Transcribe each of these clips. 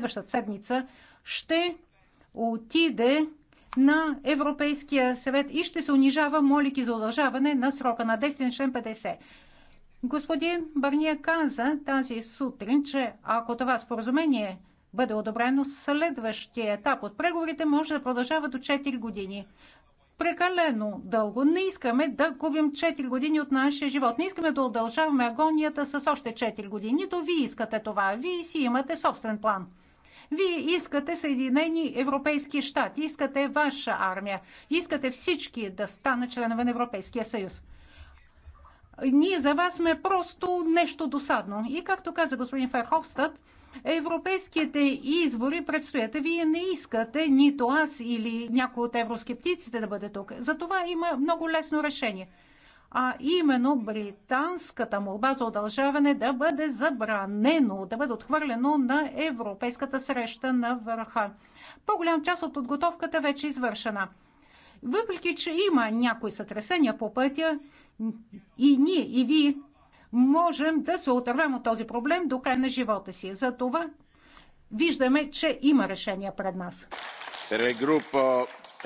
следващата седмица ще отиде на Европейския съвет и ще се унижава, молики за удължаване на срока на действие на член 50. Господин Барния каза тази сутрин, че ако това споразумение бъде одобрено, следващия етап от преговорите може да продължава до 4 години. Прекалено дълго. Не искаме да губим 4 години от нашия живот. Не искаме да удължаваме агонията с още 4 години. Нито вие искате това. Вие си имате собствен план. Вие искате Съединени Европейски щати, искате ваша армия, искате всички да станат членове на Европейския съюз. Ние за вас сме просто нещо досадно. И както каза господин Ферховстът, европейските избори предстоят. Вие не искате нито аз или някой от евроскептиците да бъде тук. За това има много лесно решение – а именно британската молба за удължаване да бъде забранено, да бъде отхвърлено на Европейската среща на върха. По-голям част от подготовката вече е извършена. Въпреки, че има някои сътресения по пътя, и ние, и вие можем да се отървем от този проблем до край на живота си. За това виждаме, че има решение пред нас.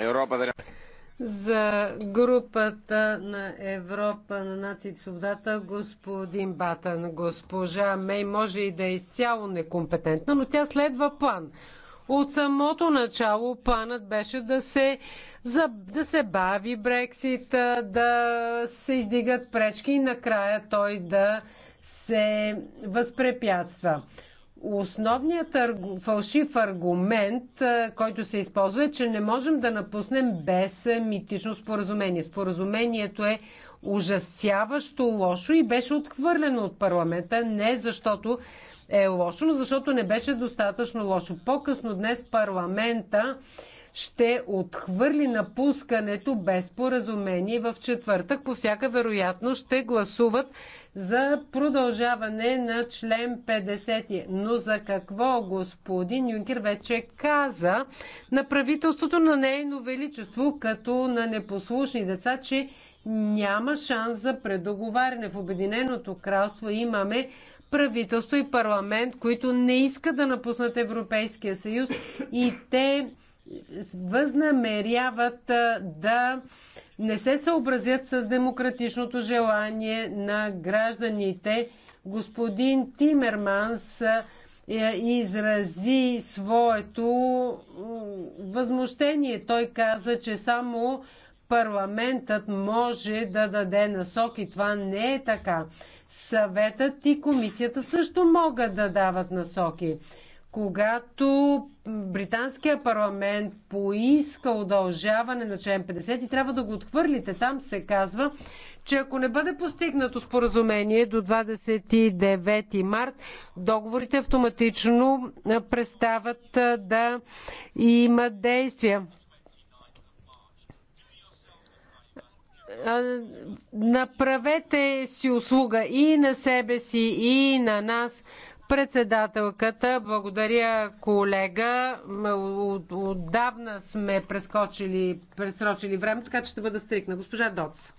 Европа за групата на Европа на нациите свободата, господин Батан, госпожа Мей може и да е изцяло некомпетентна, но тя следва план. От самото начало планът беше да се, за, да се бави Брексит, да се издигат пречки и накрая той да се възпрепятства. Основният аргу... фалшив аргумент, който се използва е, че не можем да напуснем без митично споразумение. Споразумението е ужасяващо лошо и беше отхвърлено от парламента не защото е лошо, но защото не беше достатъчно лошо. По-късно днес парламента ще отхвърли напускането без поразумение. В четвъртък по всяка вероятност ще гласуват за продължаване на член 50. Но за какво господин Юнкер вече каза на правителството на нейно величество, като на непослушни деца, че няма шанс за предоговаряне. В Обединеното кралство имаме правителство и парламент, които не искат да напуснат Европейския съюз и те възнамеряват да не се съобразят с демократичното желание на гражданите. Господин Тимерманс е, изрази своето възмущение. Той каза, че само парламентът може да даде насоки. Това не е така. Съветът и комисията също могат да дават насоки когато британския парламент поиска удължаване на член 50 и трябва да го отхвърлите. Там се казва, че ако не бъде постигнато споразумение до 29 март, договорите автоматично престават да имат действия. Направете си услуга и на себе си, и на нас Председателката, благодаря колега. Отдавна сме прескочили, пресрочили време, така че ще бъда стрикна. Госпожа Доц.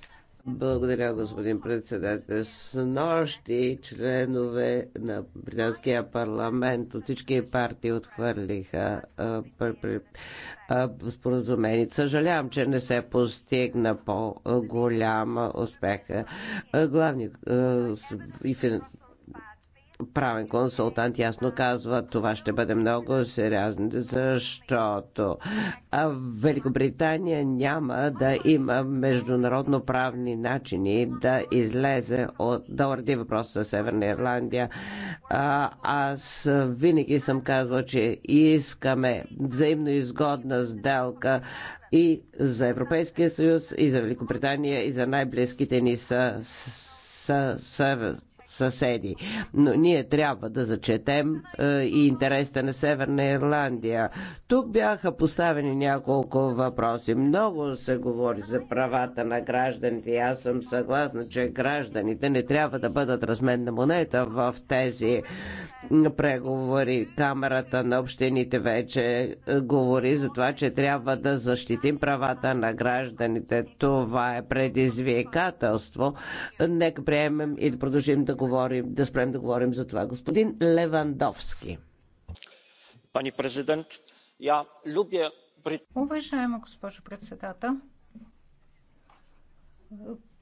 Благодаря, господин председател. С нощи членове на Британския парламент от всички партии отхвърлиха споразумени. споразумение. Съжалявам, че не се постигна по-голяма успеха. Главни а, и фин, правен консултант ясно казва, това ще бъде много сериозно, защото Великобритания няма да има международно правни начини да излезе от, да уреди въпроса с Северна Ирландия. А, аз винаги съм казвал, че искаме взаимно изгодна сделка и за Европейския съюз, и за Великобритания, и за най-близките ни са, са, са съседи. Но ние трябва да зачетем е, и интересите на Северна Ирландия. Тук бяха поставени няколко въпроси. Много се говори за правата на гражданите. Аз съм съгласна, че гражданите не трябва да бъдат разменна монета в тези преговори. Камерата на общините вече е, говори за това, че трябва да защитим правата на гражданите. Това е предизвикателство. Нека приемем и да продължим да го говорим, да спрем да говорим за това. Господин Левандовски. Пани президент, я любя... Уважаема госпожо председател,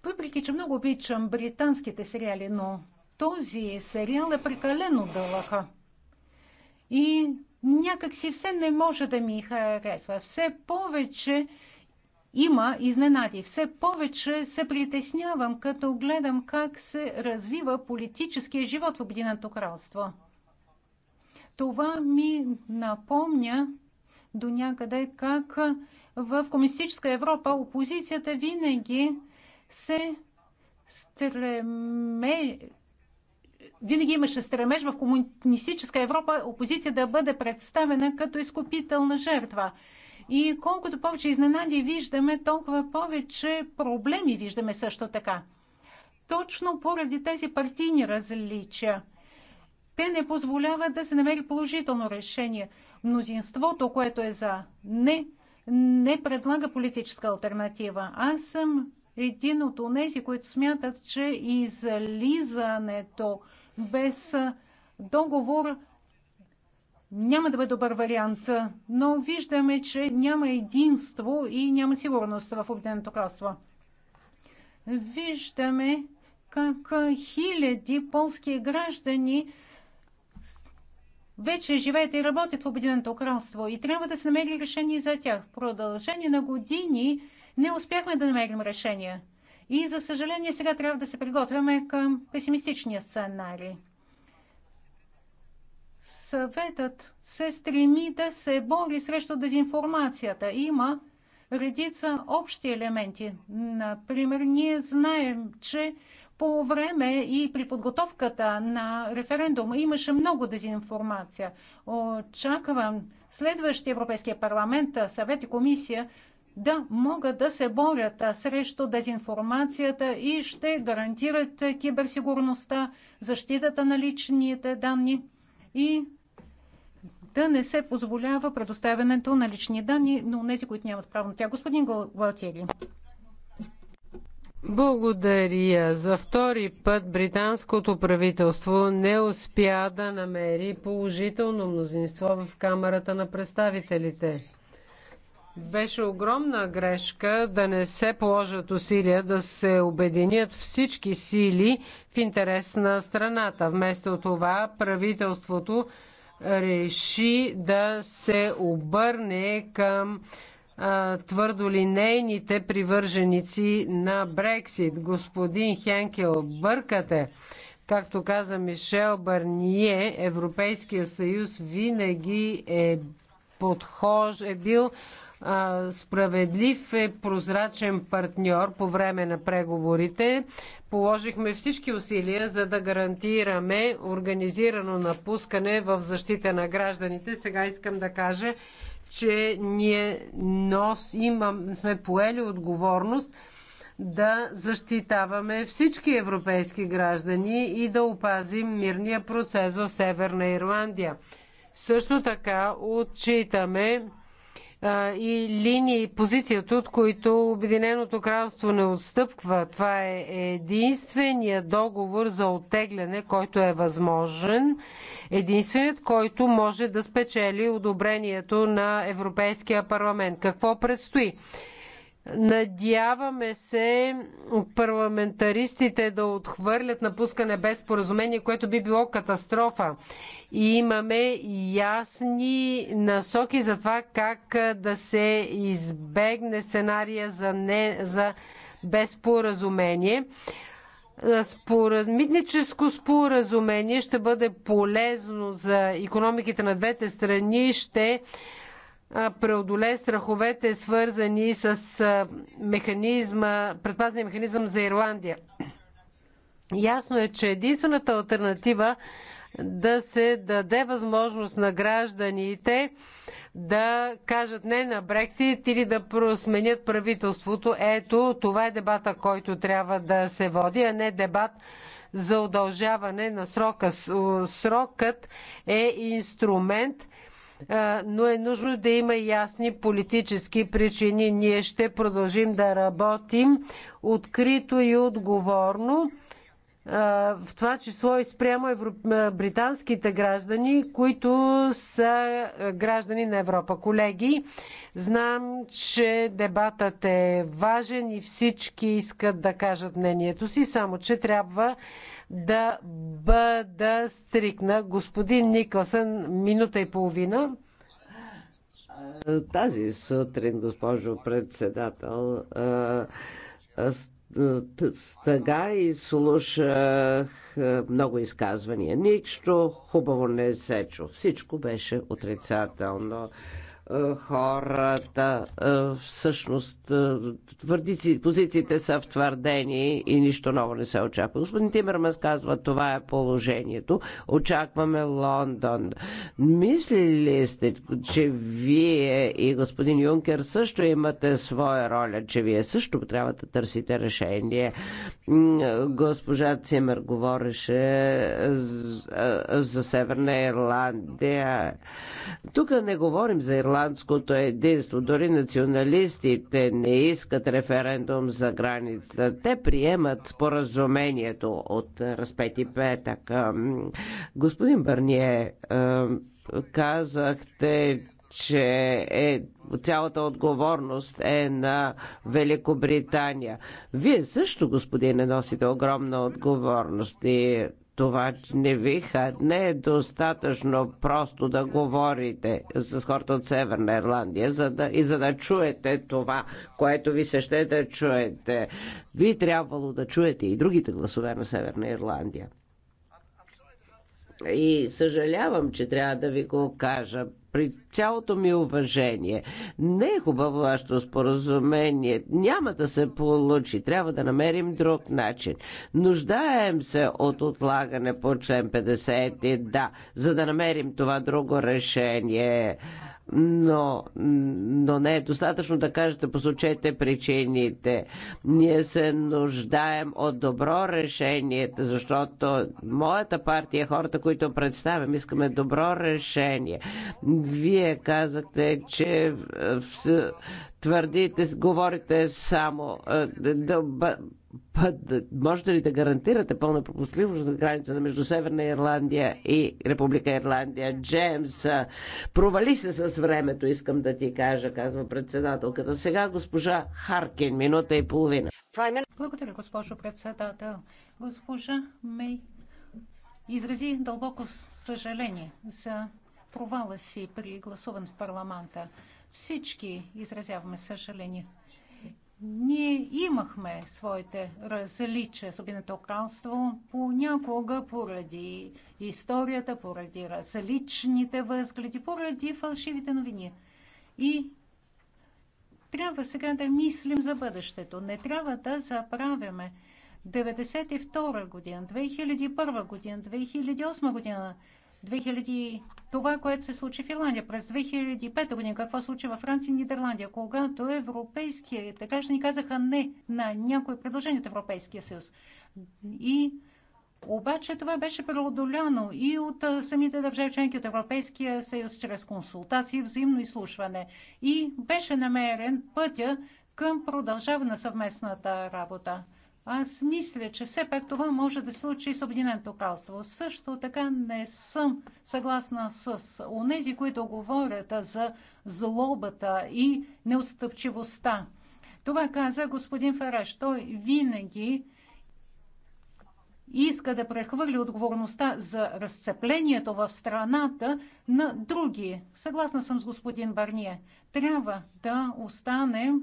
въпреки, че много обичам британските сериали, но този сериал е прекалено дълъг. И някак си все не може да ми харесва. Все повече има изненади. Все повече се притеснявам, като гледам как се развива политическия живот в Обединеното кралство. Това ми напомня до някъде как в комунистическа Европа опозицията винаги се стреме винаги имаше стремеж в комунистическа Европа опозиция да бъде представена като изкупителна жертва. И колкото повече изненади виждаме, толкова повече проблеми виждаме също така. Точно поради тези партийни различия. Те не позволяват да се намери положително решение. Мнозинството, което е за не, не предлага политическа альтернатива. Аз съм един от тези, които смятат, че излизането без договор няма да бъде добър вариант, но виждаме, че няма единство и няма сигурност в Обединеното кралство. Виждаме как хиляди полски граждани вече живеят и работят в Обединеното кралство и трябва да се намери решение за тях. В продължение на години не успяхме да намерим решение. И, за съжаление, сега трябва да се приготвяме към песимистичния сценарий. Съветът се стреми да се бори срещу дезинформацията. Има редица общи елементи. Например, ние знаем, че по време и при подготовката на референдума имаше много дезинформация. Очаквам следващия Европейския парламент, съвет и комисия да могат да се борят срещу дезинформацията и ще гарантират киберсигурността, защитата на личните данни и да не се позволява предоставянето на лични данни на тези, които нямат право на тях. Господин Галтиери. Благодаря. За втори път британското правителство не успя да намери положително мнозинство в Камерата на представителите. Беше огромна грешка да не се положат усилия да се обединят всички сили в интерес на страната. Вместо това правителството реши да се обърне към твърдо твърдолинейните привърженици на Брексит. Господин Хенкел, бъркате. Както каза Мишел Барние, Европейския съюз винаги е подхож, е бил справедлив е прозрачен партньор по време на преговорите. Положихме всички усилия, за да гарантираме организирано напускане в защита на гражданите. Сега искам да кажа, че ние нос, имам, сме поели отговорност да защитаваме всички европейски граждани и да опазим мирния процес в Северна Ирландия. Също така отчитаме и линии, позицията, от които Обединеното кралство не отстъпва. Това е единствения договор за оттегляне, който е възможен. Единственият, който може да спечели одобрението на Европейския парламент. Какво предстои? Надяваме се парламентаристите да отхвърлят напускане без споразумение, което би било катастрофа. И имаме ясни насоки за това как да се избегне сценария за, не, за без споразумение. Митническо споразумение ще бъде полезно за економиките на двете страни, ще преодолее страховете, свързани с механизма, предпазния механизъм за Ирландия. Ясно е, че единствената альтернатива да се даде възможност на гражданите да кажат не на Брексит или да просменят правителството. Ето, това е дебата, който трябва да се води, а не дебат за удължаване на срока. Срокът е инструмент, но е нужно да има ясни политически причини. Ние ще продължим да работим открито и отговорно в това число и спрямо евро... британските граждани, които са граждани на Европа. Колеги, знам, че дебатът е важен и всички искат да кажат мнението си, само че трябва да бъда стрикна. Господин Никълсън, минута и половина. Тази сутрин, госпожо председател, тъга и слушах много изказвания. Нищо хубаво не се чу. Всичко беше отрицателно. Е, хората е, всъщност е, твърдици, позициите са втвърдени и нищо ново не се очаква. Господин Тимерманс казва, това е положението. Очакваме Лондон. Мислили ли сте, че вие и господин Юнкер също имате своя роля, че вие също трябва да търсите решение? Госпожа Цимер говореше за Северна Ирландия. Тук не говорим за Ирландия ирландското единство. Дори националистите не искат референдум за границата. Те приемат споразумението от разпети петък. Господин Бърние, казахте, че е, цялата отговорност е на Великобритания. Вие също, господине, носите огромна отговорност и това не ви не е достатъчно просто да говорите с хората от Северна Ирландия за да, и за да чуете това, което ви се ще да чуете. Ви трябвало да чуете и другите гласове на Северна Ирландия. И съжалявам, че трябва да ви го кажа при цялото ми уважение. Не е хубаво вашето споразумение. Няма да се получи. Трябва да намерим друг начин. Нуждаем се от отлагане по член 50. Да, за да намерим това друго решение но, но не е достатъчно да кажете, посочете причините. Ние се нуждаем от добро решение, защото моята партия, е хората, които представям, искаме добро решение. Вие казахте, че твърдите, говорите само е, да път, можете ли да гарантирате пълна пропускливост на граница между Северна Ирландия и Република Ирландия? Джеймс, провали се с времето, искам да ти кажа, казва председателката. Сега госпожа Харкин, минута и половина. Благодаря, госпожо председател. Госпожа Мей изрази дълбоко съжаление за провала си при гласуване в парламента. Всички изразяваме съжаление. Ние имахме своите различия, особено кралство, понякога поради историята, поради различните възгледи, поради фалшивите новини. И трябва сега да мислим за бъдещето. Не трябва да заправяме 1992 година, 2001 година, 2008 година. 2000... Това, което се случи в Ирландия през 2005 година, какво се случи във Франция и Нидерландия, когато така ще ни казаха не на някои предложения от Европейския съюз. И обаче това беше преодоляно и от самите държави членки от Европейския съюз чрез консултации, взаимно изслушване. И беше намерен пътя към продължаване на съвместната работа. Аз мисля, че все пак това може да се случи с Обединеното кралство. Също така не съм съгласна с онези, които говорят за злобата и неотстъпчивостта. Това каза господин Фараш. Той винаги иска да прехвърли отговорността за разцеплението в страната на други. Съгласна съм с господин Барния. Трябва да останем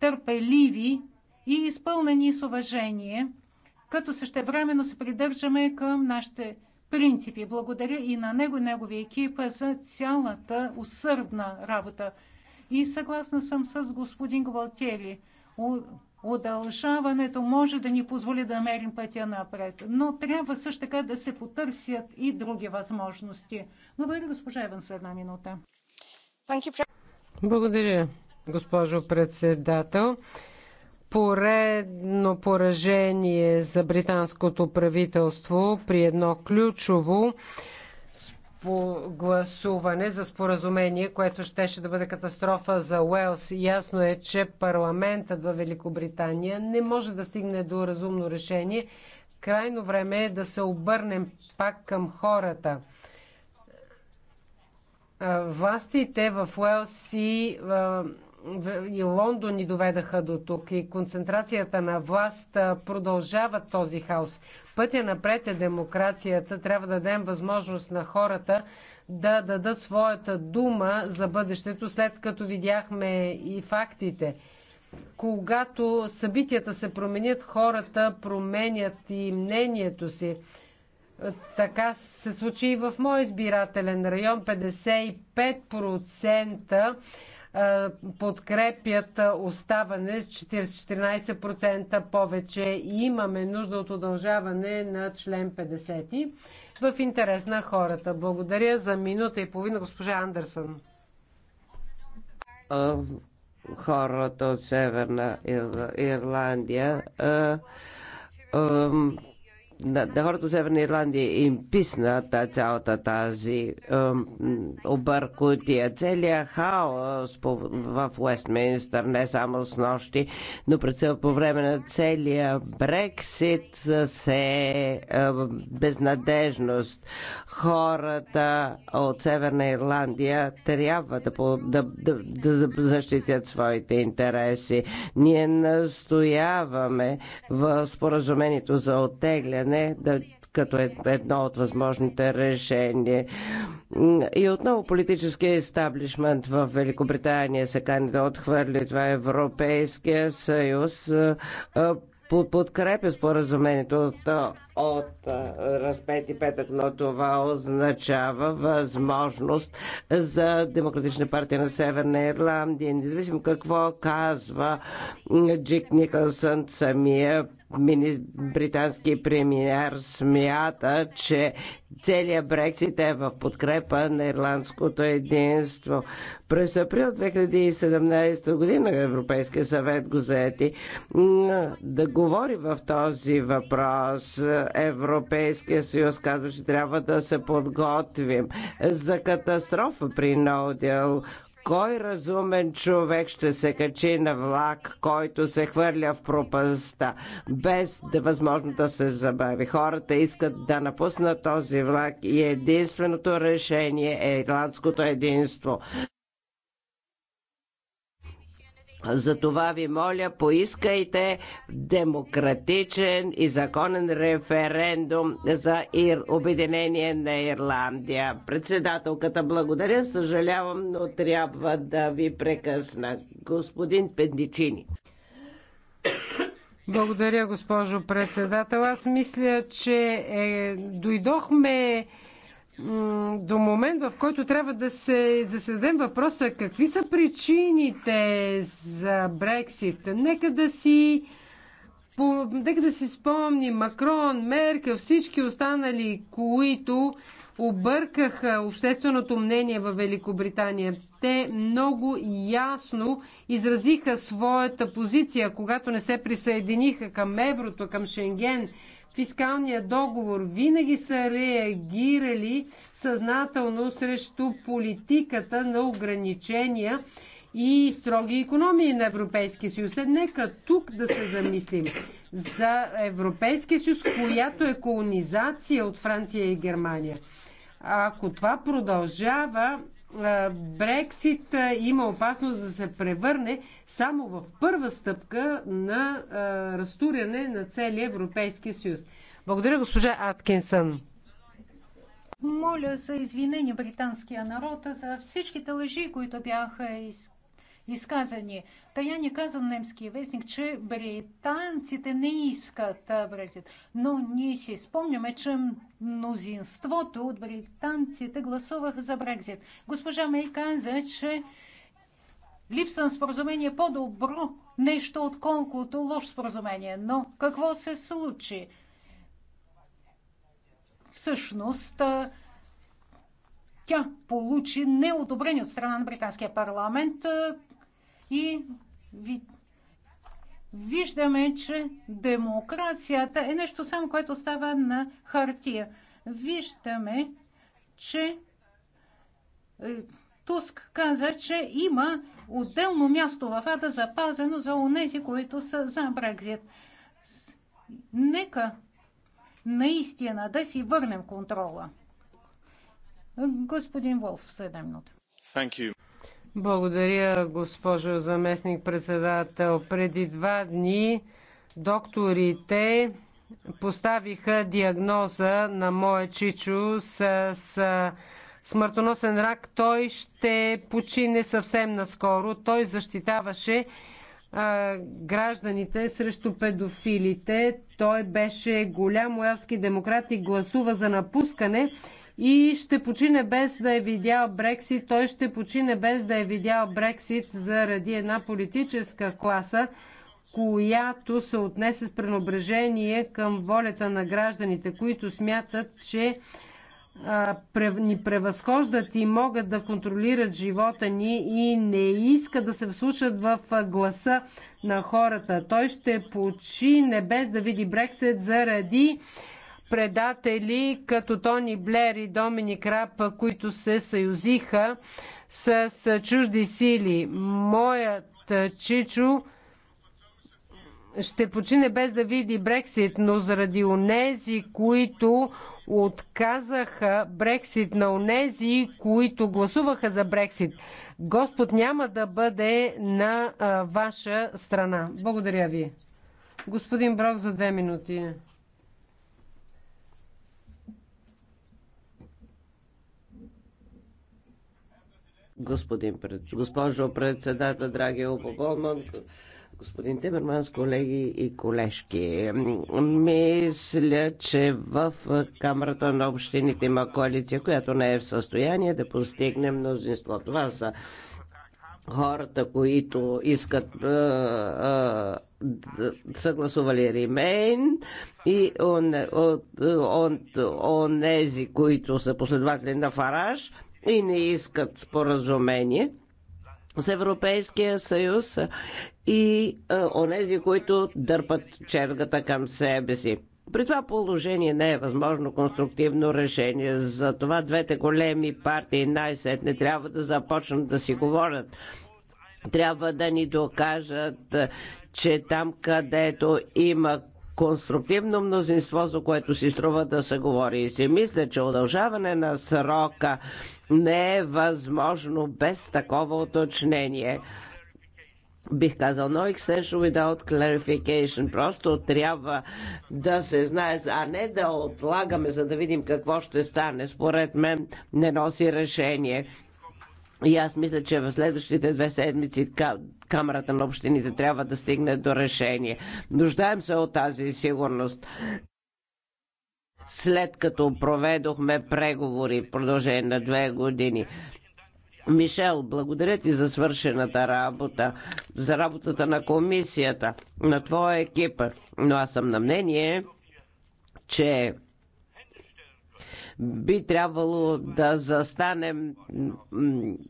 търпеливи и изпълнени с уважение, като същевременно се придържаме към нашите принципи. Благодаря и на него и неговия екип за цялата усърдна работа. И съгласна съм с господин Гвалтери. Удължаването може да ни позволи да намерим пътя напред, но трябва също така да се потърсят и други възможности. Благодаря, госпожа Еван, за една минута. Благодаря, госпожо председател поредно поражение за британското правителство при едно ключово по гласуване за споразумение, което щеше да бъде катастрофа за Уелс. Ясно е, че парламентът във Великобритания не може да стигне до разумно решение. Крайно време е да се обърнем пак към хората. Властите в Уелс и и Лондон ни доведаха до тук и концентрацията на власт продължава този хаос. Пътя напред е демокрацията. Трябва да дадем възможност на хората да дадат своята дума за бъдещето, след като видяхме и фактите. Когато събитията се променят, хората променят и мнението си. Така се случи и в мой избирателен район. 55% подкрепят оставане с 14% повече и имаме нужда от удължаване на член 50 в интерес на хората. Благодаря за минута и половина, госпожа Андерсън. Хората от Северна Ирландия на, на хората от Северна Ирландия им писна та, цялата тази объркотия, целият хаос по, в Уестминстър, не само с нощи, но пред по време на целия Брексит се е, безнадежност. Хората от Северна Ирландия трябва да, да, да, да защитят своите интереси. Ние настояваме в споразумението за оттегляне отпадне да, като е едно от възможните решения. И отново политическия естаблишмент в Великобритания се кани да отхвърли това Европейския съюз подкрепя споразумението от, от, разпети разпет и петък, но това означава възможност за Демократична партия на Северна Ирландия. Независимо какво казва Джик Никълсън, самия британски премиер смята, че целият Брексит е в подкрепа на ирландското единство. През април 2017 година Европейския съвет го заети да говори в този въпрос. Европейския съюз казва, че трябва да се подготвим за катастрофа при Ноудел, кой разумен човек ще се качи на влак, който се хвърля в пропаста, без да възможно да се забави? Хората искат да напуснат този влак и единственото решение е ирландското единство. Затова ви моля, поискайте демократичен и законен референдум за Ир... обединение на Ирландия. Председателката, благодаря, съжалявам, но трябва да ви прекъсна. Господин Пендичини. Благодаря, госпожо председател. Аз мисля, че е, дойдохме до момент, в който трябва да се заседем въпроса какви са причините за Брексит. Нека да си по, нека да си спомни Макрон, Меркел, всички останали, които объркаха общественото мнение в Великобритания. Те много ясно изразиха своята позиция, когато не се присъединиха към еврото, към Шенген, фискалния договор винаги са реагирали съзнателно срещу политиката на ограничения и строги економии на Европейския съюз. Е, нека тук да се замислим за Европейския съюз, която е колонизация от Франция и Германия. ако това продължава, Брексит има опасност да се превърне само в първа стъпка на разтуряне на целия Европейски съюз. Благодаря, госпожа Аткинсън. Моля за извинение британския народ за всичките лъжи, които бяха изказани изказани. Тая не на немския вестник, че британците не искат Брекзит. Но ние си спомняме, че мнозинството от британците гласувах за Брекзит. Госпожа Мей каза, че липса на споразумение е по-добро нещо, отколкото лошо споразумение. Но какво се случи? Всъщност, тя получи неодобрение от страна на британския парламент и ви, виждаме, че демокрацията е нещо само, което става на хартия. Виждаме, че е, Туск каза, че има отделно място в Ада запазено за унези, които са за Брекзит. Нека наистина да си върнем контрола. Господин Волф, 7 минути. Благодаря, госпожо заместник председател. Преди два дни докторите поставиха диагноза на моя чичо с, с смъртоносен рак. Той ще почине съвсем наскоро. Той защитаваше а, гражданите срещу педофилите. Той беше голям уявски демократ и гласува за напускане и ще почине без да е видял Брексит. Той ще почине без да е видял Брексит заради една политическа класа, която се отнесе с пренебрежение към волята на гражданите, които смятат, че ни превъзхождат и могат да контролират живота ни и не иска да се вслушат в гласа на хората. Той ще почине без да види Брексит заради предатели като Тони Блер и Доминик Рап, които се съюзиха с чужди сили. Моят е, чичо ще почине без да види Брексит, но заради онези, които отказаха Брексит на онези, които гласуваха за Брексит. Господ няма да бъде на а, ваша страна. Благодаря ви. Господин Брок за две минути. господин пред... госпожо председател, драги Обоболман, господин Тимерманс, колеги и колежки. Мисля, че в Камерата на общините има коалиция, която не е в състояние да постигне мнозинство. Това са хората, които искат съгласували Римейн и онези, които са последователи на Фараж, и не искат споразумение с Европейския съюз и а, онези, които дърпат чергата към себе си. При това положение не е възможно конструктивно решение. За това двете големи партии най-сетне трябва да започнат да си говорят. Трябва да ни докажат, че там, където има конструктивно мнозинство, за което си струва да се говори. И си мисля, че удължаване на срока не е възможно без такова уточнение бих казал, no extension without clarification. Просто трябва да се знае, а не да отлагаме, за да видим какво ще стане. Според мен не носи решение. И аз мисля, че в следващите две седмици Камерата на общините трябва да стигне до решение. Нуждаем се от тази сигурност след като проведохме преговори в продължение на две години. Мишел, благодаря ти за свършената работа, за работата на комисията, на твоя екипа. Но аз съм на мнение, че би трябвало да застанем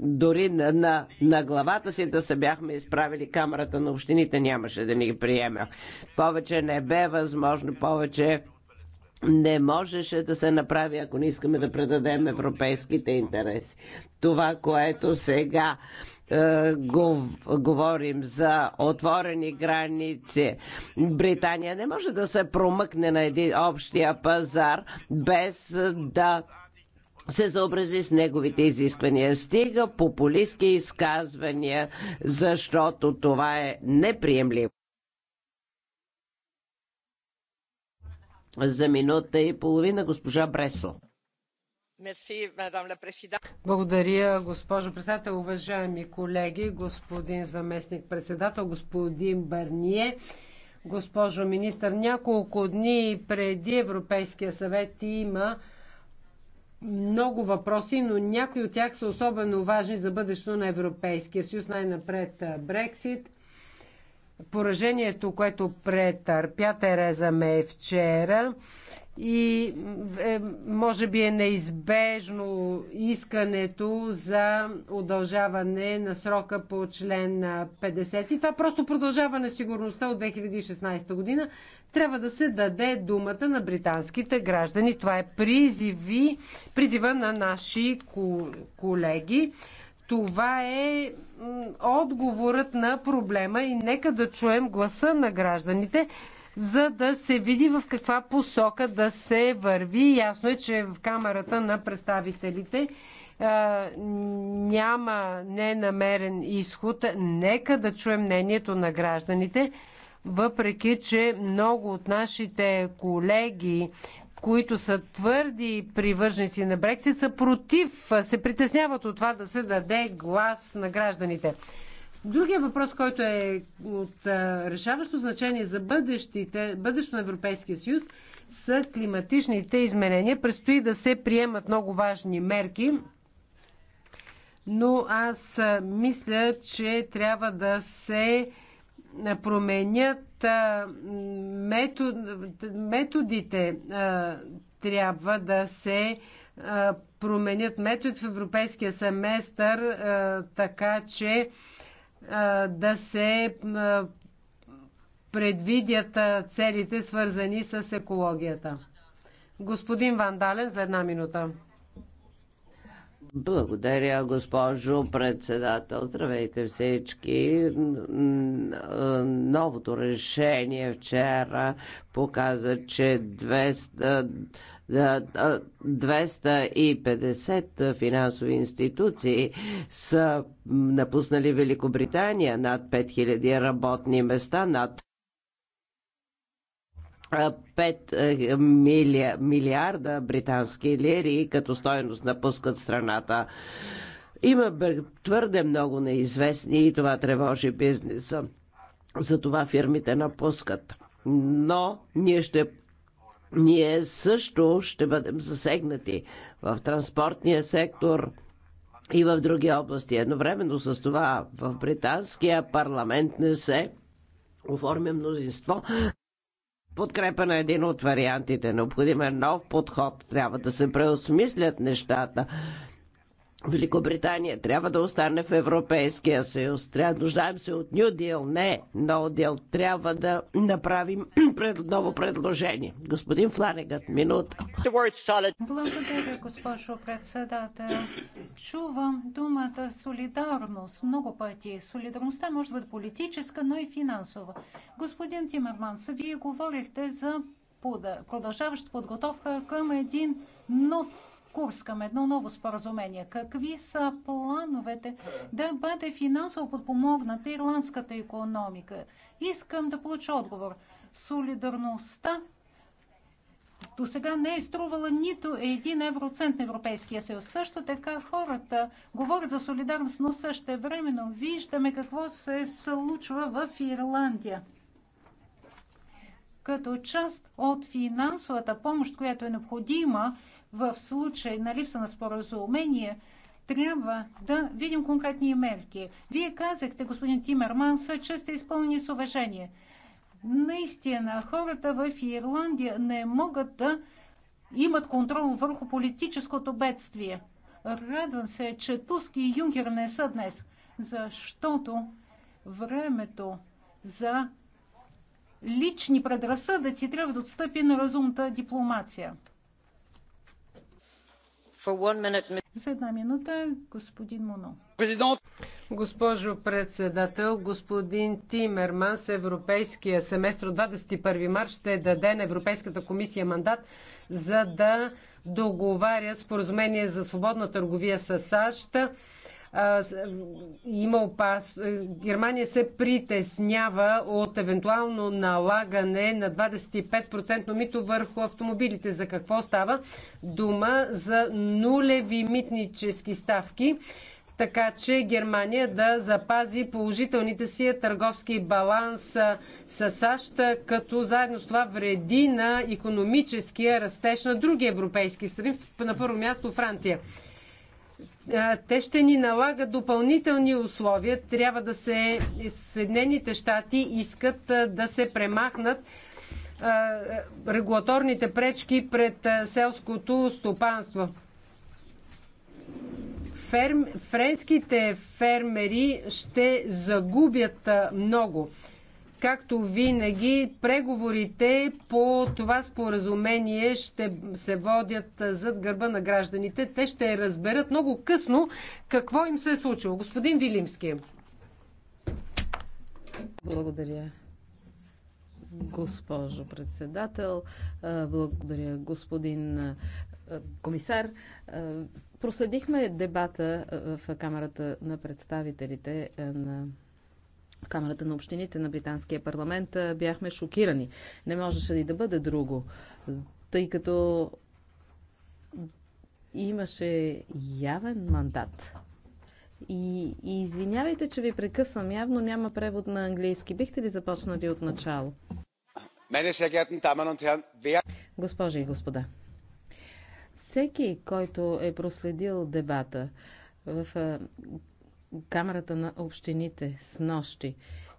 дори на, на, на главата си да се бяхме изправили камерата на общините, нямаше да ни ги приеме. Повече не бе възможно, повече не можеше да се направи, ако не искаме да предадем европейските интереси. Това, което сега е, говорим за отворени граници. Британия не може да се промъкне на един общия пазар без да се заобрази с неговите изисквания. Стига популистски изказвания, защото това е неприемливо. За минута и половина госпожа Бресо. Благодаря, госпожо председател. Уважаеми колеги, господин заместник председател, господин Барние, госпожо министър, няколко дни преди Европейския съвет има много въпроси, но някои от тях са особено важни за бъдещето на Европейския съюз. Най-напред Брексит. Поражението, което претърпя Тереза Мей вчера, и е, може би е неизбежно искането за удължаване на срока по член 50. И това просто продължава сигурността от 2016 година. Трябва да се даде думата на британските граждани. Това е призиви, призива на наши колеги. Това е отговорът на проблема и нека да чуем гласа на гражданите за да се види в каква посока да се върви. Ясно е, че в Камерата на представителите няма ненамерен изход. Нека да чуем мнението на гражданите, въпреки че много от нашите колеги, които са твърди привърженици на Брексит, са против, се притесняват от това да се даде глас на гражданите. Другия въпрос, който е от решаващо значение за бъдещите, бъдещето на Европейския съюз, са климатичните изменения. Предстои да се приемат много важни мерки, но аз мисля, че трябва да се променят методите. Трябва да се променят метод в европейския семестър, така че да се предвидят целите, свързани с екологията. Господин Вандален, за една минута. Благодаря, госпожо председател. Здравейте всички. Новото решение вчера показа, че 200 250 финансови институции са напуснали Великобритания, над 5000 работни места, над 5 е, мили... милиарда британски лири като стоеност напускат страната. Има твърде много неизвестни и това тревожи бизнеса. Затова фирмите напускат но ние ще ние също ще бъдем засегнати в транспортния сектор и в други области. Едновременно с това в британския парламент не се оформя мнозинство подкрепа на един от вариантите. Необходим е нов подход. Трябва да се преосмислят нещата Великобритания трябва да остане в Европейския съюз. Трябва да нуждаем се от New Deal, не No Deal. Трябва да направим пред, ново предложение. Господин Фланегът, минута. Благодаря, госпожо председател. Чувам думата солидарност много пъти. Солидарността може да бъде политическа, но и финансова. Господин Тимерманс, вие говорихте за продължаваща подготовка към един нов към едно ново споразумение. Какви са плановете да бъде финансово подпомогната ирландската економика? Искам да получа отговор. Солидарността до сега не е струвала нито един евроцент на Европейския съюз. Също така хората говорят за солидарност, но също времено виждаме какво се случва в Ирландия. Като част от финансовата помощ, която е необходима в случай на липса на споразумение, трябва да видим конкретни мерки. Вие казахте, господин Тимерманс, че сте изпълнени с уважение. Наистина, хората в Ирландия не могат да имат контрол върху политическото бедствие. Радвам се, че Туск и Юнкер не са днес, защото времето за лични предразсъдъци трябва да отстъпи на разумната дипломация една минута господин Госпожо председател, господин Тимерманс, Европейския семестър от 21 март ще даде на Европейската комисия мандат за да договаря споразумение за свободна търговия с САЩ има опас... Е, Германия се притеснява от евентуално налагане на 25% мито върху автомобилите. За какво става? Дума за нулеви митнически ставки така че Германия да запази положителните си търговски баланс с САЩ, като заедно с това вреди на економическия растеж на други европейски страни, на първо място Франция те ще ни налагат допълнителни условия. Трябва да се. Съединените щати искат да се премахнат регулаторните пречки пред селското стопанство. Ферм, френските фермери ще загубят много. Както винаги, преговорите по това споразумение ще се водят зад гърба на гражданите. Те ще разберат много късно какво им се е случило. Господин Вилимски. Благодаря госпожо председател, благодаря господин комисар. Проследихме дебата в Камерата на представителите на в Камерата на общините на Британския парламент бяхме шокирани. Не можеше ли да бъде друго, тъй като имаше явен мандат. И, и извинявайте, че ви прекъсвам. Явно няма превод на английски. Бихте ли започнали от начало? Госпожи и господа, всеки, който е проследил дебата в Камерата на общините с нощи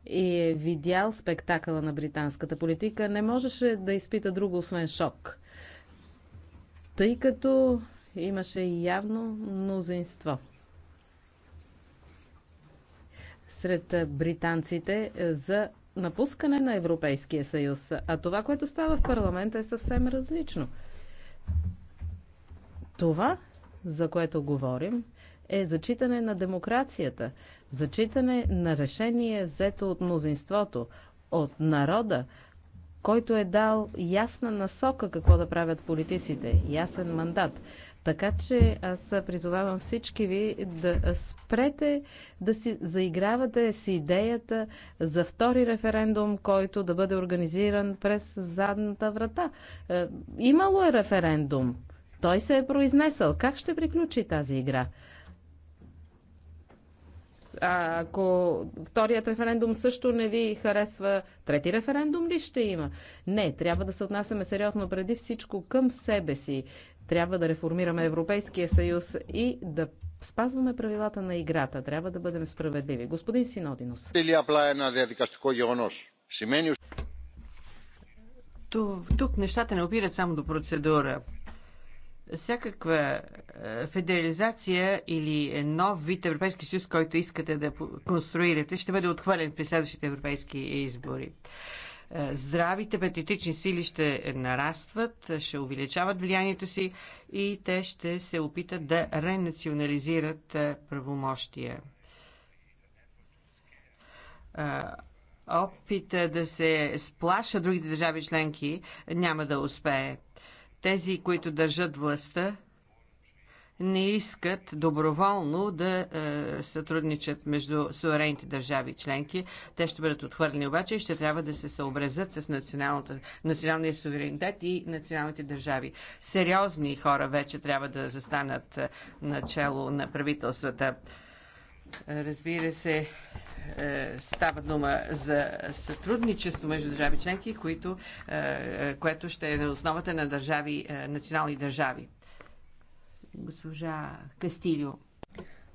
и е видял спектакъла на британската политика, не можеше да изпита друго, освен шок. Тъй като имаше явно мнозинство. Сред британците за напускане на Европейския съюз. А това, което става в парламента е съвсем различно. Това, за което говорим, е зачитане на демокрацията, зачитане на решение взето от мнозинството, от народа, който е дал ясна насока какво да правят политиците, ясен мандат. Така че аз призовавам всички ви да спрете да си заигравате с идеята за втори референдум, който да бъде организиран през задната врата. Е, имало е референдум. Той се е произнесъл. Как ще приключи тази игра? А ако вторият референдум също не ви харесва, трети референдум ли ще има? Не, трябва да се отнасяме сериозно преди всичко към себе си. Трябва да реформираме Европейския съюз и да спазваме правилата на играта. Трябва да бъдем справедливи. Господин Синодинус. Или Тук нещата не опират само до процедура всякаква е, федерализация или е, нов вид Европейски съюз, който искате да конструирате, ще бъде отхвърлен при следващите европейски избори. Е, здравите патетични сили ще нарастват, ще увеличават влиянието си и те ще се опитат да ренационализират правомощия опита да се сплаша другите държави членки няма да успее. Тези, които държат властта, не искат доброволно да е, сътрудничат между суверените държави и членки. Те ще бъдат отхвърлени обаче и ще трябва да се съобразят с националния суверенитет и националните държави. Сериозни хора вече трябва да застанат е, начало на правителствата. Разбира се, е, става дума за сътрудничество между държави членки, които, е, е, което ще е на основата на държави, национални държави. Госпожа Кастилио.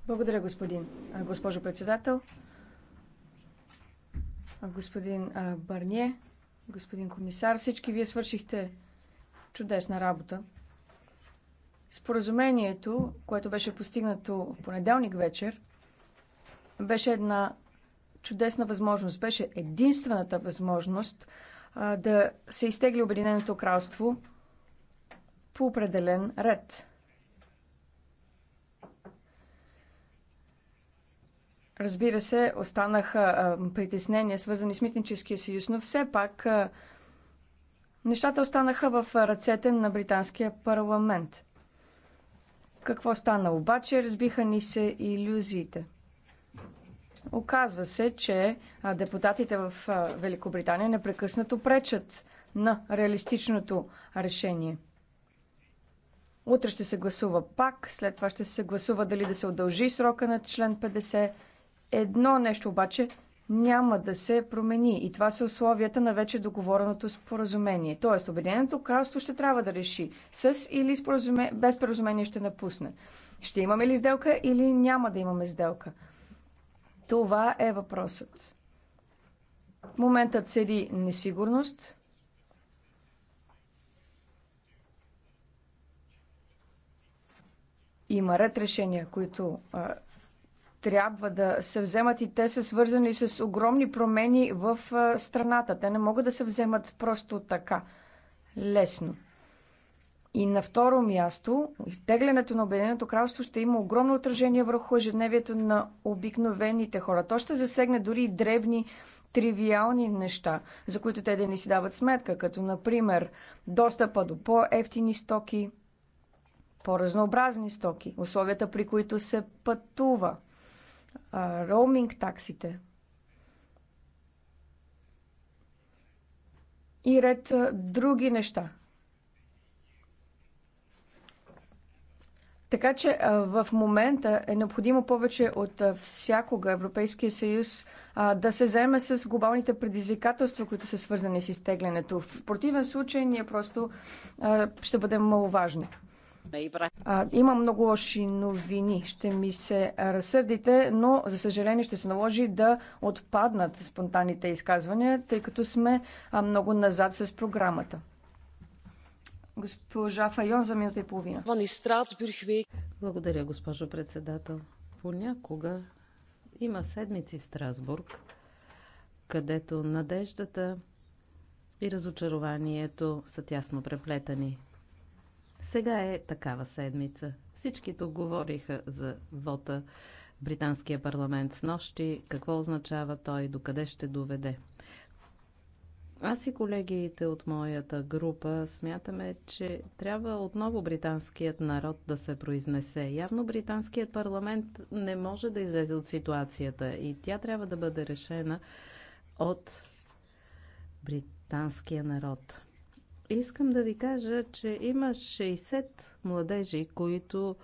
Благодаря, господин, госпожо председател. Господин Барние, господин комисар, всички вие свършихте чудесна работа. Споразумението, което беше постигнато в понеделник вечер, беше една чудесна възможност. Беше единствената възможност а, да се изтегли Обединеното кралство по определен ред. Разбира се, останаха а, притеснения, свързани с Митническия съюз, но все пак а, нещата останаха в ръцете на британския парламент. Какво стана обаче? Разбиха ни се иллюзиите – Оказва се, че депутатите в Великобритания непрекъснато пречат на реалистичното решение. Утре ще се гласува пак, след това ще се гласува дали да се удължи срока на член 50. Едно нещо обаче няма да се промени и това са условията на вече договореното споразумение. Тоест, Обединеното кралство ще трябва да реши с или споразуме... без споразумение ще напусне. Ще имаме ли сделка или няма да имаме сделка. Това е въпросът. В момента цели несигурност. Има ред решения, които а, трябва да се вземат и те са свързани с огромни промени в а, страната. Те не могат да се вземат просто така, лесно. И на второ място, теглянето на Обединеното кралство ще има огромно отражение върху ежедневието на обикновените хора. То ще засегне дори и дребни, тривиални неща, за които те да не си дават сметка, като например достъпа до по-ефтини стоки, по-разнообразни стоки, условията при които се пътува, роуминг таксите и ред други неща, Така че в момента е необходимо повече от всякога Европейския съюз да се заеме с глобалните предизвикателства, които са свързани с изтеглянето. В противен случай ние просто ще бъдем маловажни. има много лоши новини. Ще ми се разсърдите, но за съжаление ще се наложи да отпаднат спонтанните изказвания, тъй като сме много назад с програмата. Госпожа Файон за минута и половина. Благодаря, госпожо председател. Понякога има седмици в Страсбург, където надеждата и разочарованието са тясно преплетани. Сега е такава седмица. Всички тук говориха за вота в британския парламент с нощи, какво означава той, докъде ще доведе. Аз и колегите от моята група смятаме, че трябва отново британският народ да се произнесе. Явно британският парламент не може да излезе от ситуацията и тя трябва да бъде решена от британския народ. Искам да ви кажа, че има 60 младежи, които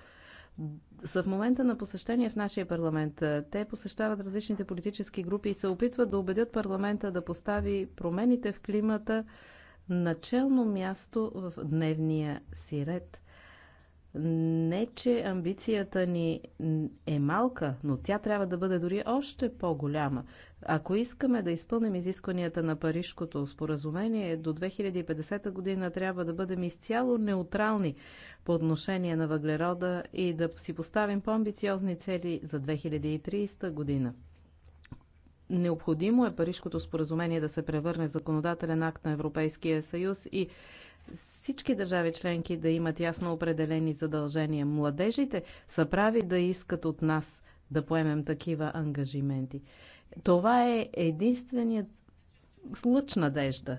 са в момента на посещение в нашия парламент. Те посещават различните политически групи и се опитват да убедят парламента да постави промените в климата начално място в дневния си ред. Не, че амбицията ни е малка, но тя трябва да бъде дори още по-голяма. Ако искаме да изпълним изискванията на Парижското споразумение, до 2050 година трябва да бъдем изцяло неутрални по отношение на въглерода и да си поставим по-амбициозни цели за 2030 година. Необходимо е Парижското споразумение да се превърне в законодателен акт на Европейския съюз и всички държави членки да имат ясно определени задължения. Младежите са прави да искат от нас да поемем такива ангажименти. Това е единственият лъч надежда,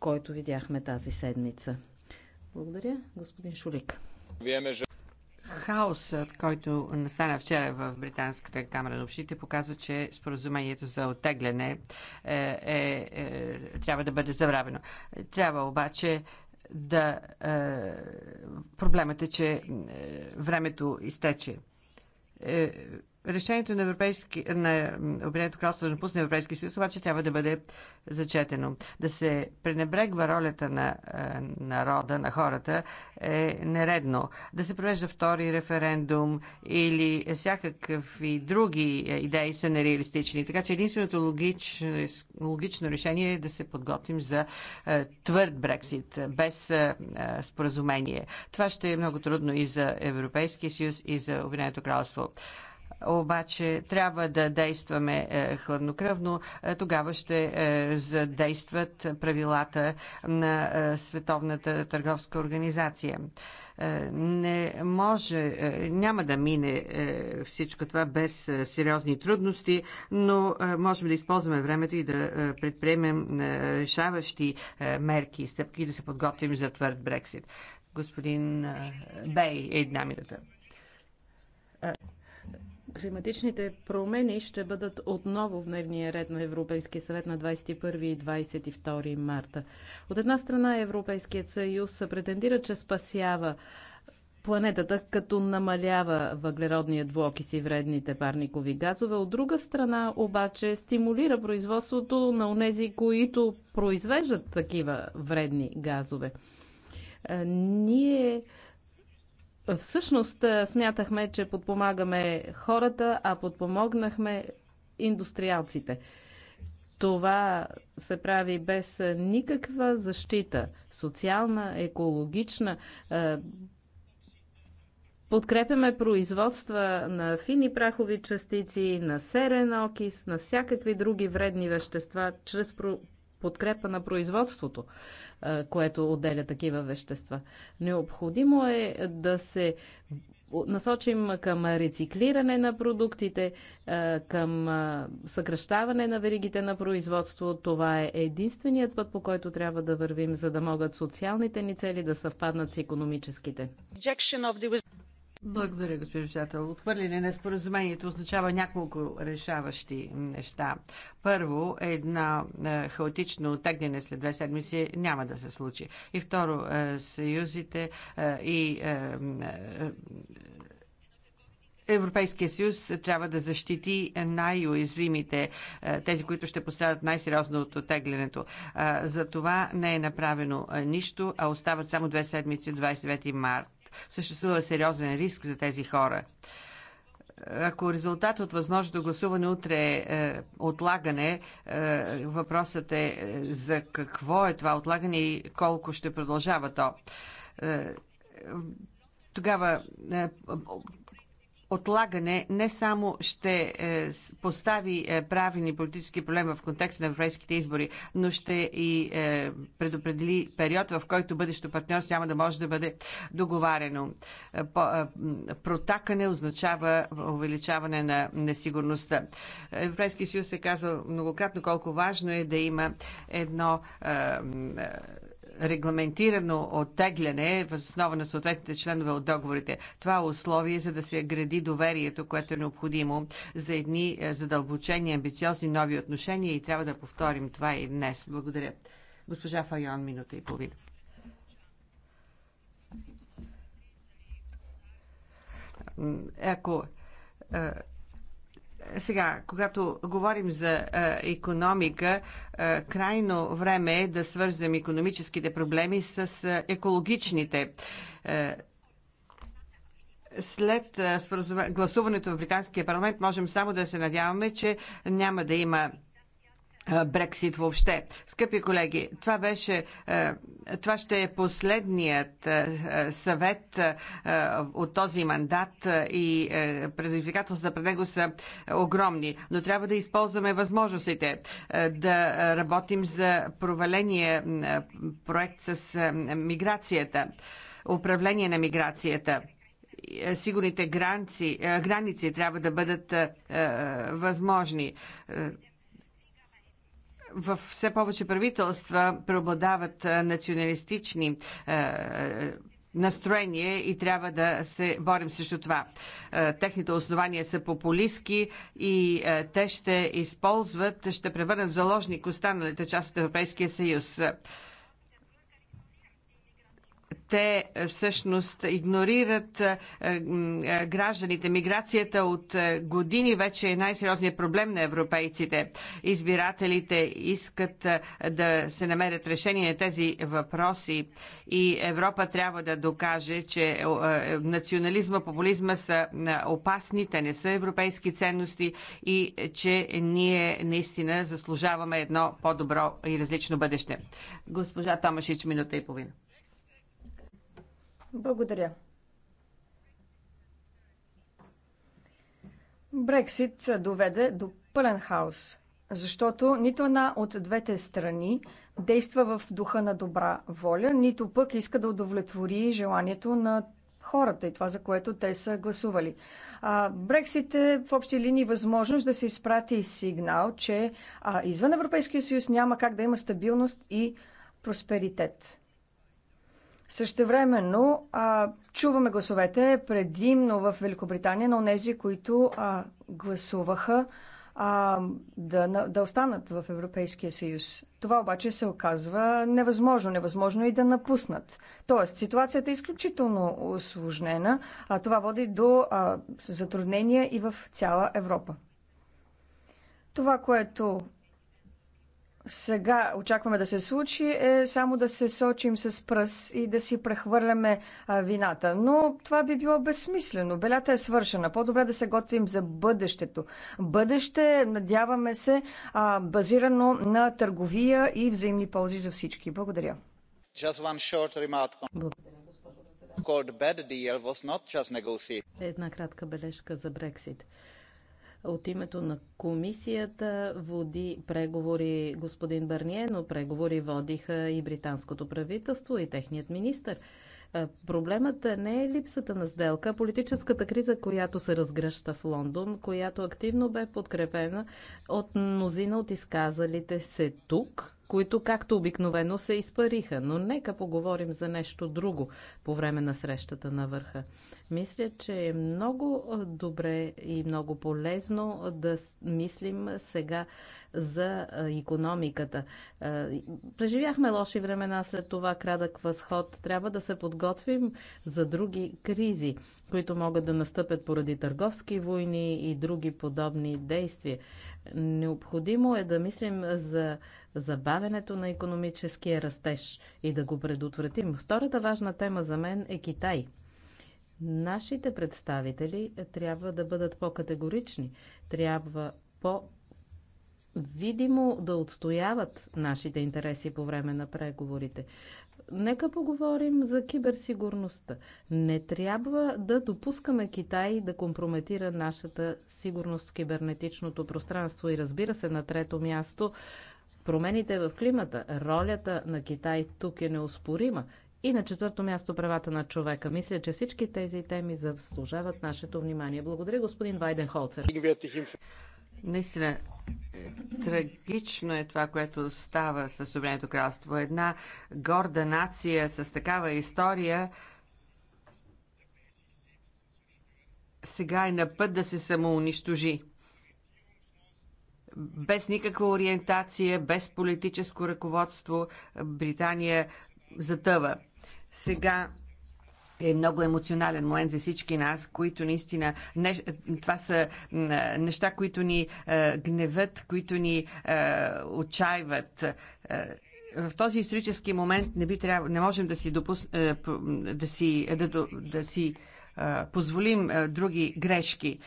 който видяхме тази седмица. Благодаря, господин Шулик. Хаосът, който настана вчера в Британската камера на общите, показва, че споразумението за оттегляне е, е, е, трябва да бъде забравено. Трябва обаче да. Е, проблемът е, че е, времето изтече. Е, Решението на, европейски, на Обединеното кралство да напусне Европейския съюз обаче трябва да бъде зачетено. Да се пренебрегва ролята на е, народа, на хората е нередно. Да се провежда втори референдум или всякакви други е, идеи са нереалистични. Така че единственото логич, логично решение е да се подготвим за е, твърд Брексит, без споразумение. Това ще е много трудно и за Европейския съюз, и за Обединеното кралство обаче трябва да действаме е, хладнокръвно, е, тогава ще е, задействат правилата на Световната търговска организация не може, няма да мине всичко това без сериозни трудности, но можем да използваме времето и да предприемем решаващи мерки и стъпки да се подготвим за твърд Брексит. Господин Бей, една минута. Климатичните промени ще бъдат отново в дневния ред на Европейския съвет на 21 и 22 марта. От една страна Европейският съюз претендира, че спасява планетата, като намалява въглеродния двок и вредните парникови газове. От друга страна обаче стимулира производството на онези, които произвеждат такива вредни газове. Е, ние Всъщност е, смятахме, че подпомагаме хората, а подпомогнахме индустриалците. Това се прави без никаква защита социална, екологична. Е, подкрепяме производства на фини прахови частици, на серен окис, на всякакви други вредни вещества чрез подкрепа на производството, е, което отделя такива вещества. Необходимо е да се насочим към рециклиране на продуктите, е, към е, съкръщаване на веригите на производство. Това е единственият път, по който трябва да вървим, за да могат социалните ни цели да съвпаднат с економическите. Благодаря, господин председател. Отхвърляне на споразумението означава няколко решаващи неща. Първо, една е, хаотично оттегнене след две седмици няма да се случи. И второ, е, съюзите е, и Европейския съюз трябва да защити най-уязвимите, тези, които ще пострадат най-сериозно от отеглянето. За това не е направено нищо, а остават само две седмици, 29 март съществува сериозен риск за тези хора. Ако резултат от възможното гласуване утре е, е отлагане, е, въпросът е, е за какво е това отлагане и колко ще продължава то. Е, е тогава е, отлагане не само ще е, постави е, правен и политически проблем в контекста на европейските избори, но ще и е, предопредели период, в който бъдещо партньорство няма да може да бъде договарено. Протакане означава увеличаване на несигурността. Европейския съюз е казал многократно колко важно е да има едно регламентирано оттегляне въз основа на съответните членове от договорите. Това е условие за да се гради доверието, което е необходимо за едни е, задълбочени, амбициозни нови отношения и трябва да повторим това и днес. Благодаря. Госпожа Файон, минута и половина. Ако е, сега, когато говорим за економика, крайно време е да свързвам економическите проблеми с екологичните след гласуването в Британския парламент можем само да се надяваме, че няма да има Брексит въобще. Скъпи колеги, това беше, това ще е последният съвет от този мандат и предизвикателствата пред него са огромни, но трябва да използваме възможностите да работим за проваления проект с миграцията, управление на миграцията сигурните граници, граници трябва да бъдат възможни в все повече правителства преобладават националистични настроение и трябва да се борим срещу това. Техните основания са популистски и те ще използват, ще превърнат в заложник останалите част от Европейския съюз те е, всъщност игнорират е, е, гражданите. Миграцията от години вече е най-сериозният проблем на европейците. Избирателите искат да се намерят решение на тези въпроси и Европа трябва да докаже, че национализма, популизма са опасни, те не са европейски ценности и че ние наистина заслужаваме едно по-добро и различно бъдеще. Госпожа Томашич, минута и половина. Благодаря. Брексит доведе до пълен хаос, защото нито една от двете страни действа в духа на добра воля, нито пък иска да удовлетвори желанието на хората и това, за което те са гласували. Брексит е в общи линии възможност да се изпрати сигнал, че а, извън Европейския съюз няма как да има стабилност и просперитет. Същевременно а, чуваме гласовете предимно в Великобритания на тези, които а, гласуваха а, да, на, да останат в Европейския съюз. Това обаче се оказва невъзможно. Невъзможно е и да напуснат. Тоест, ситуацията е изключително осложнена, а това води до а, затруднения и в цяла Европа. Това, което сега очакваме да се случи, е само да се сочим с пръст и да си прехвърляме а, вината. Но това би било безсмислено. Белята е свършена. По-добре да се готвим за бъдещето. Бъдеще, надяваме се, а, базирано на търговия и взаимни ползи за всички. Благодаря. Една кратка бележка за Брексит от името на комисията води преговори господин Барние, но преговори водиха и британското правителство и техният министр. Проблемът не е липсата на сделка, а политическата криза, която се разгръща в Лондон, която активно бе подкрепена от мнозина от изказалите се тук, които както обикновено се изпариха. Но нека поговорим за нещо друго по време на срещата на върха. Мисля, че е много добре и много полезно да мислим сега за економиката. Преживяхме лоши времена след това крадък възход. Трябва да се подготвим за други кризи, които могат да настъпят поради търговски войни и други подобни действия. Необходимо е да мислим за забавянето на економическия растеж и да го предотвратим. Втората важна тема за мен е Китай – Нашите представители трябва да бъдат по-категорични, трябва по- видимо да отстояват нашите интереси по време на преговорите. Нека поговорим за киберсигурността. Не трябва да допускаме Китай да компрометира нашата сигурност в кибернетичното пространство и разбира се на трето място промените в климата. Ролята на Китай тук е неоспорима. И на четвърто място правата на човека. Мисля, че всички тези теми заслужават нашето внимание. Благодаря, господин Вайден Холцер. Наистина, е, трагично е това, което става с Съединеното кралство. Една горда нация с такава история сега е на път да се самоунищожи. Без никаква ориентация, без политическо ръководство, Британия затъва. Сега е много емоционален момент за всички нас, които наистина, не, това са неща, които ни е, които ни е, отчаиват. Е, в този исторически момент не, би трябва, не можем да си, допус, е, да си, да, да, да си е, позволим е, други грешки.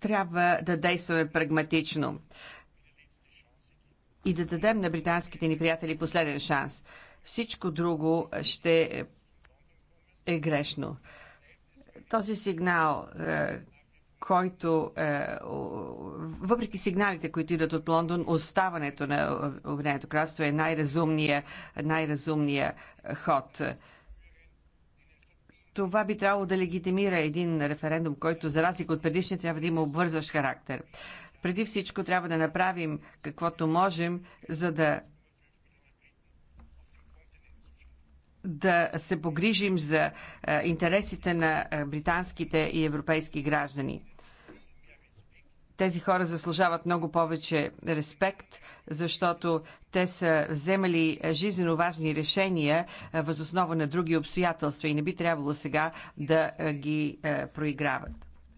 Трябва да действаме прагматично и да дадем на британските ни приятели последен шанс. Всичко друго ще е грешно. Този сигнал, е, който, е, въпреки сигналите, които идват от Лондон, оставането на Обединеното кралство е най-разумния, най-разумния ход. Това би трябвало да легитимира един референдум, който, за разлика от предишния, трябва да има обвързващ характер. Преди всичко трябва да направим каквото можем, за да да се погрижим за е, интересите на е, британските и европейски граждани. Тези хора заслужават много повече респект, защото те са вземали жизненно важни решения е, възоснова на други обстоятелства и не би трябвало сега да ги проиграват.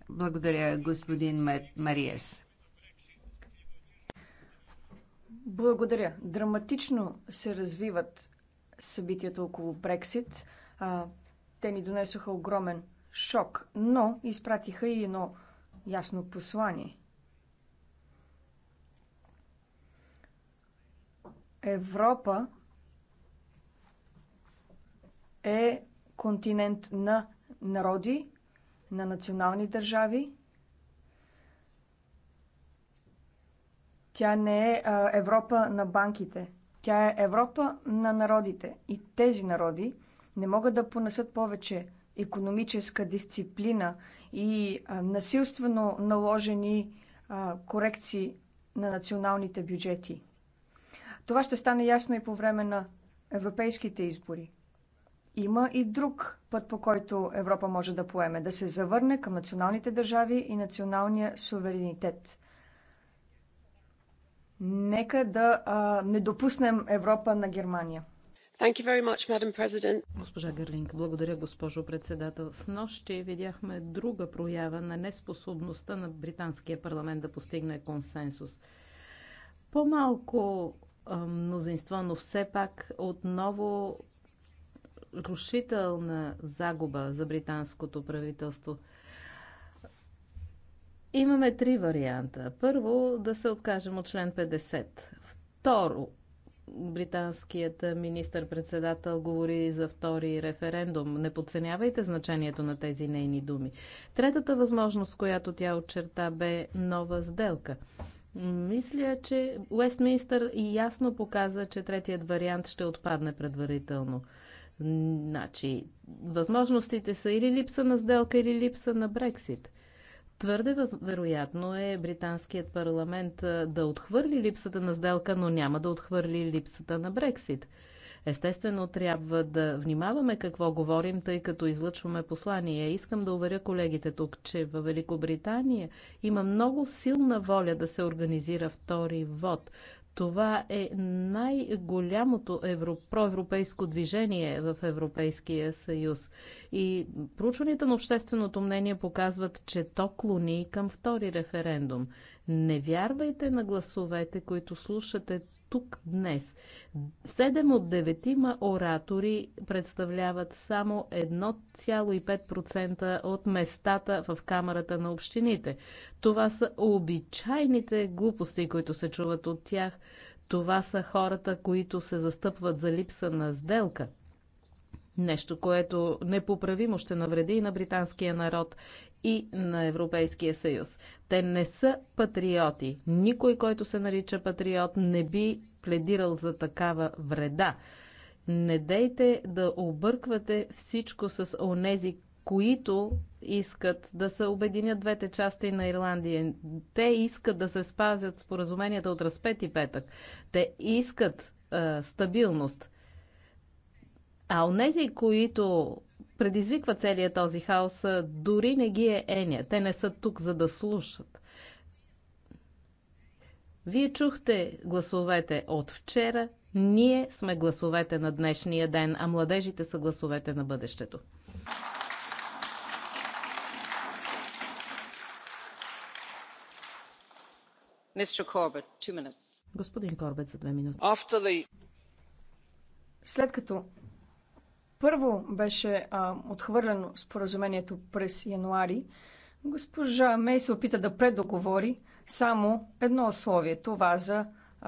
Благодаря, господин Мариес. Благодаря. Драматично се развиват събитията около Брексит. Те ни донесоха огромен шок, но изпратиха и едно ясно послание. Европа е континент на народи, на национални държави. Тя не е Европа на банките. Тя е Европа на народите и тези народи не могат да понесат повече економическа дисциплина и насилствено наложени корекции на националните бюджети. Това ще стане ясно и по време на европейските избори. Има и друг път, по който Европа може да поеме да се завърне към националните държави и националния суверенитет. Нека да а, не допуснем Европа на Германия. Much, госпожа Гърлинг, благодаря, госпожо председател. С нощи видяхме друга проява на неспособността на британския парламент да постигне консенсус. По-малко мнозинство, но все пак отново рушителна загуба за британското правителство – Имаме три варианта. Първо, да се откажем от член 50. Второ, британският министър-председател говори за втори референдум. Не подценявайте значението на тези нейни думи. Третата възможност, която тя очерта, бе нова сделка. Мисля, че Уестминстър и ясно показа, че третият вариант ще отпадне предварително. Значи, възможностите са или липса на сделка, или липса на Брексит – Твърде вероятно е британският парламент да отхвърли липсата на сделка, но няма да отхвърли липсата на Брексит. Естествено, трябва да внимаваме какво говорим, тъй като излъчваме послание. Искам да уверя колегите тук, че във Великобритания има много силна воля да се организира втори вод. Това е най-голямото евро, проевропейско движение в Европейския съюз. И проучванията на общественото мнение показват, че то клони към втори референдум. Не вярвайте на гласовете, които слушате тук днес. Седем от деветима оратори представляват само 1,5% от местата в Камерата на общините. Това са обичайните глупости, които се чуват от тях. Това са хората, които се застъпват за липса на сделка. Нещо, което непоправимо ще навреди и на британския народ, и на Европейския съюз. Те не са патриоти. Никой, който се нарича патриот, не би пледирал за такава вреда. Не дейте да обърквате всичко с онези, които искат да се обединят двете части на Ирландия. Те искат да се спазят споразуменията от разпет и петък. Те искат е, стабилност. А онези, които предизвиква целият този хаос, дори не ги е еня. Те не са тук, за да слушат. Вие чухте гласовете от вчера, ние сме гласовете на днешния ден, а младежите са гласовете на бъдещето. Corbett, Господин Корбет за две минути. След като първо беше а, отхвърлено споразумението през януари, госпожа Мей се опита да предоговори само едно условие това за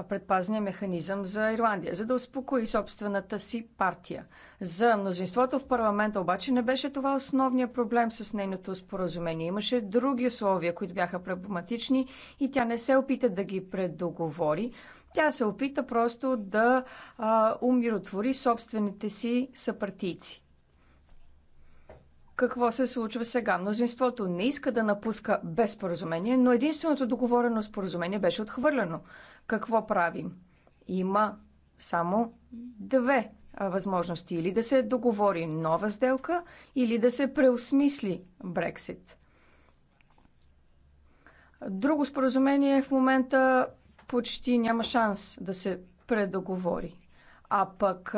предпазния механизъм за Ирландия, за да успокои собствената си партия. За мнозинството в парламента обаче не беше това основният проблем с нейното споразумение. Имаше други условия, които бяха проблематични и тя не се опита да ги предоговори, тя се опита просто да а, умиротвори собствените си съпартийци. Какво се случва сега? Мнозинството не иска да напуска без споразумение, но единственото договорено споразумение беше отхвърлено. Какво правим? Има само две възможности. Или да се договори нова сделка, или да се преосмисли Брексит. Друго споразумение в момента почти няма шанс да се предоговори. А пък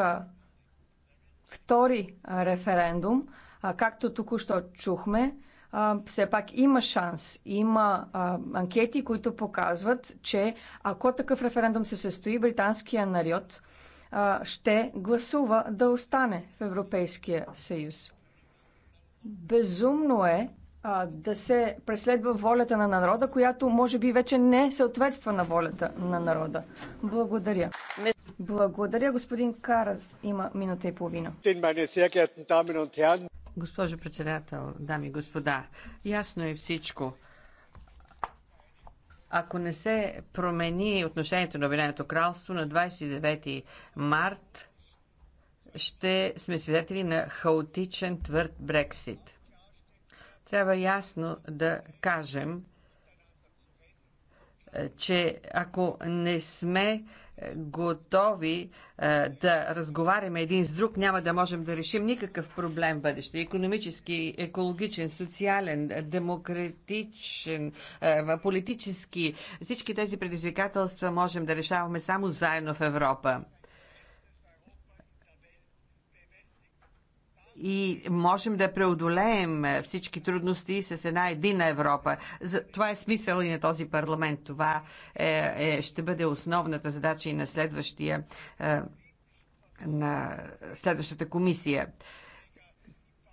втори референдум, както току-що чухме, все пак има шанс. Има а, анкети, които показват, че ако такъв референдум се състои, британския народ а, ще гласува да остане в Европейския съюз. Безумно е а, да се преследва волята на народа, която може би вече не съответства на волята на народа. Благодаря. Благодаря, господин Карас. Има минута и половина. Госпожо председател, дами и господа, ясно е всичко ако не се промени отношението на Обединеното кралство на 29 март, ще сме свидетели на хаотичен твърд Брексит. Трябва ясно да кажем, е, че ако не сме е, готови е, да разговаряме един с друг, няма да можем да решим никакъв проблем в бъдеще. Економически, екологичен, социален, демократичен, политически. Всички тези предизвикателства можем да решаваме само заедно в Европа. и можем да преодолеем всички трудности с една едина Европа. Това е смисъл и на този парламент. Това е, е, ще бъде основната задача и на следващия е, на следващата комисия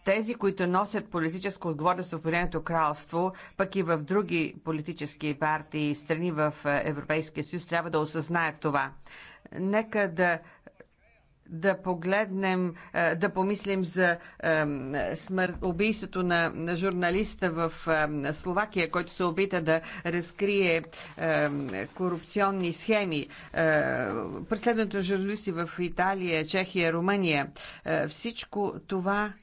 тези, които носят политическа отговорност в Обединеното кралство, пък и в други политически партии и страни в Европейския съюз, трябва да осъзнаят това. Нека да да погледнем, е, да помислим за е, смърт, убийството на журналиста в е, Словакия, който се опита да разкрие корупционни схеми. Преследването на журналисти в Италия, Чехия, Румъния. Всичко това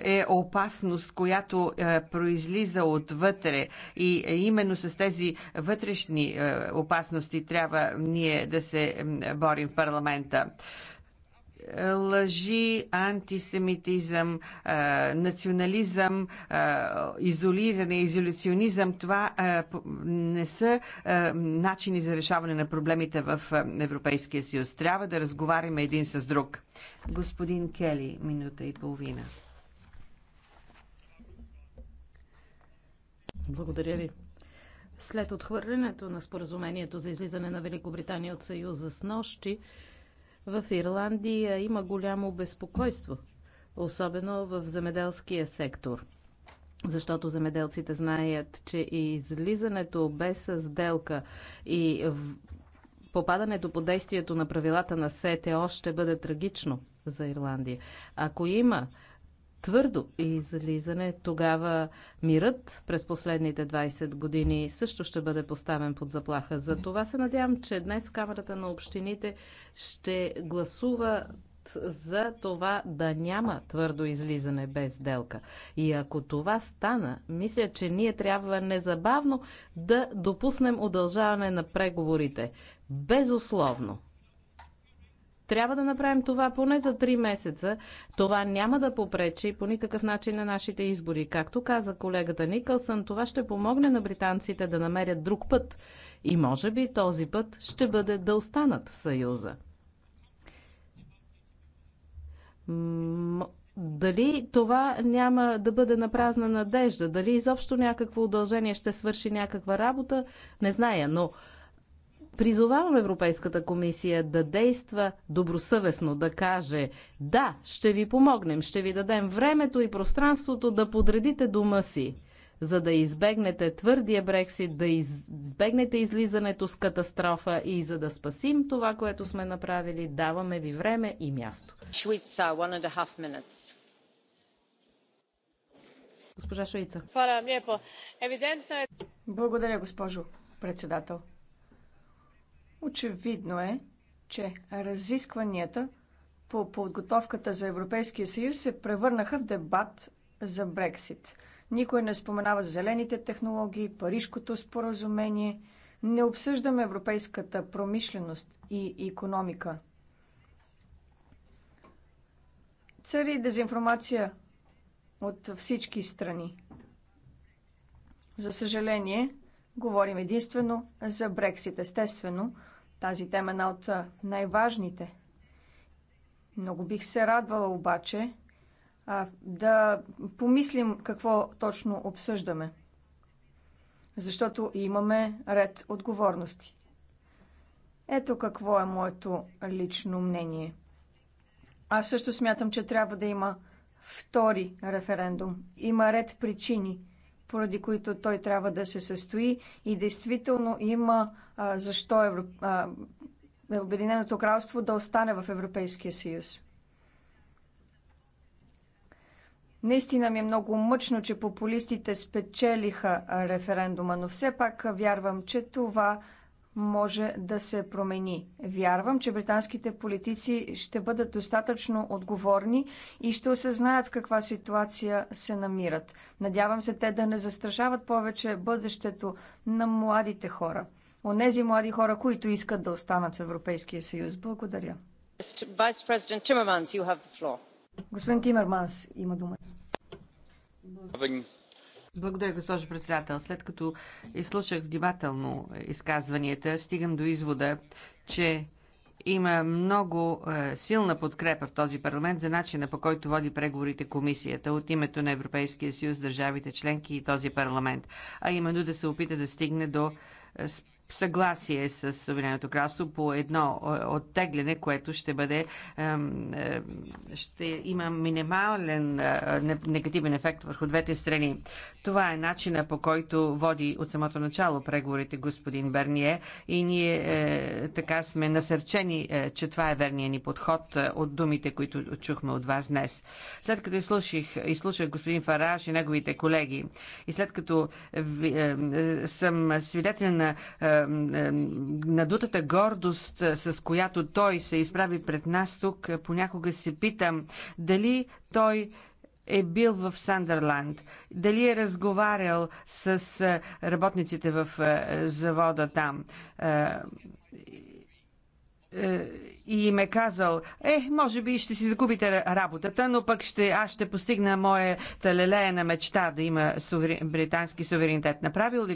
е опасност, която е, произлиза отвътре и е, именно с тези вътрешни е, опасности трябва ние да се борим в парламента лъжи, антисемитизъм, национализъм, изолиране, изолюционизъм, това не са начини за решаване на проблемите в Европейския съюз. Трябва да разговаряме един с друг. Господин Кели, минута и половина. Благодаря ви. След отхвърлянето на споразумението за излизане на Великобритания от Съюза с нощи, в Ирландия има голямо безпокойство, особено в земеделския сектор. Защото земеделците знаят, че и излизането без сделка и попадането по действието на правилата на СТО ще бъде трагично за Ирландия. Ако има твърдо излизане, тогава мирът през последните 20 години също ще бъде поставен под заплаха. За това се надявам, че днес Камерата на общините ще гласува за това да няма твърдо излизане без делка. И ако това стана, мисля, че ние трябва незабавно да допуснем удължаване на преговорите. Безусловно. Трябва да направим това поне за 3 месеца. Това няма да попречи по никакъв начин на нашите избори. Както каза колегата Никълсън, това ще помогне на британците да намерят друг път. И може би този път ще бъде да останат в Съюза. Дали това няма да бъде на празна надежда? Дали изобщо някакво удължение ще свърши някаква работа? Не зная, но Призовавам Европейската комисия да действа добросъвестно, да каже да, ще ви помогнем, ще ви дадем времето и пространството да подредите дома си, за да избегнете твърдия Брексит, да избегнете излизането с катастрофа и за да спасим това, което сме направили, даваме ви време и място. Швейца, one and a half minutes. Госпожа Швейца. Благодаря, госпожо председател. Очевидно е, че разискванията по подготовката за Европейския съюз се превърнаха в дебат за Брексит. Никой не споменава зелените технологии, Парижкото споразумение, не обсъждаме европейската промишленост и економика. Цари дезинформация от всички страни. За съжаление, Говорим единствено за Брексит. Естествено, тази тема е една от най-важните. Много бих се радвала обаче а, да помислим какво точно обсъждаме. Защото имаме ред отговорности. Ето какво е моето лично мнение. Аз също смятам, че трябва да има втори референдум. Има ред причини – поради които той трябва да се състои и действително има а, защо Евро... а, Обединеното кралство да остане в Европейския съюз. Наистина ми е много мъчно, че популистите спечелиха референдума, но все пак вярвам, че това може да се промени. Вярвам, че британските политици ще бъдат достатъчно отговорни и ще осъзнаят в каква ситуация се намират. Надявам се те да не застрашават повече бъдещето на младите хора. Онези млади хора, които искат да останат в Европейския съюз. Благодаря. Господин Тимерманс има думата. Благодаря, госпожо председател. След като изслушах внимателно изказванията, стигам до извода, че има много е, силна подкрепа в този парламент за начина по който води преговорите комисията от името на Европейския съюз, държавите членки и този парламент, а именно да се опита да стигне до е, съгласие с Съединеното кралство по едно е, оттегляне, което ще бъде е, ще има минимален е, негативен ефект върху двете страни. Това е начина по който води от самото начало преговорите господин Берние и ние така сме насърчени, че това е верния ни подход от думите, които чухме от вас днес. След като изслушах, изслушах господин Фараш и неговите колеги и след като съм свидетел на надутата гордост, с която той се изправи пред нас тук, понякога се питам дали той е бил в Сандерланд, дали е разговарял с работниците в завода там е, и им е казал, е, може би ще си загубите работата, но пък ще, аз ще постигна моята лелея на мечта да има суверен, британски суверенитет. Направил ли